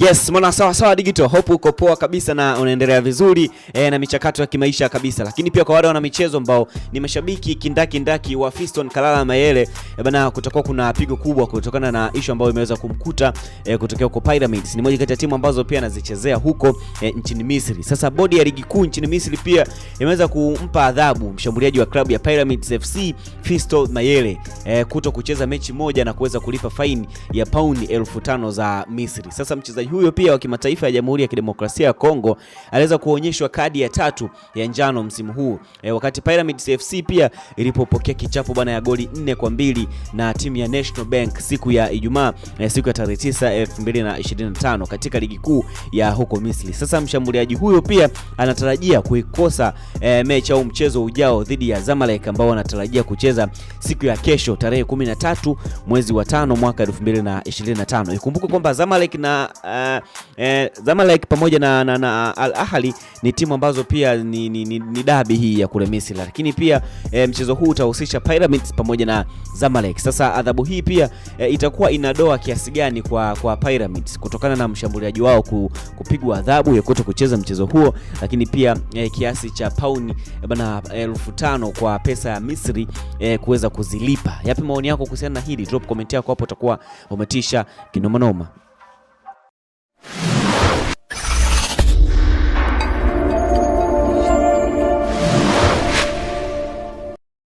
Yes, mwana sawa sawa digital. Hope uko poa kabisa na unaendelea vizuri e, na michakato ya kimaisha kabisa. Lakini pia kwa wale wana michezo ambao ni mashabiki kindaki ndaki wa Fiston Kalala Mayele, e, bana kutakuwa kuna pigo kubwa kutokana na issue ambayo imeweza kumkuta e, kutokea huko Pyramids. Ni moja kati ya timu ambazo pia anazichezea huko e, nchini Misri. Sasa bodi ya ligi kuu nchini Misri pia imeweza kumpa adhabu mshambuliaji wa klabu ya Pyramids FC Fiston Mayele e, kuto kucheza mechi moja na kuweza kulipa faini ya pauni elfu tano za Misri. Sasa mchezaji huyo pia wa kimataifa ya Jamhuri ya Kidemokrasia ya Kongo aliweza kuonyeshwa kadi ya tatu ya njano msimu huu e, wakati Pyramids FC pia ilipopokea kichapo bana ya goli nne kwa mbili na timu ya National Bank siku ya Ijumaa e, siku ya tarehe 9 2025 katika ligi kuu ya huko Misri. Sasa mshambuliaji huyo pia anatarajia kuikosa e, mechi au mchezo ujao dhidi ya Zamalek ambao wanatarajia kucheza siku ya kesho tarehe 13 mwezi wa tano mwaka 2025. Ikumbuke kwamba Zamalek na uh, uh, eh, Zamalek pamoja na, na, na Al Ahli ni timu ambazo pia ni, ni, ni, ni dabi hii ya kule Misri, lakini pia eh, mchezo huu utahusisha Pyramids pamoja na Zamalek. Sasa adhabu hii pia eh, itakuwa inadoa kiasi gani kwa, kwa Pyramids kutokana na mshambuliaji wao ku, kupigwa adhabu ya kuto kucheza mchezo huo, lakini pia eh, kiasi cha pauni eh, bana elfu tano kwa pesa ya Misri eh, kuweza kuzilipa. Yapi maoni yako kuhusiana na hili? Drop comment yako hapo, utakuwa umetisha kinomanoma.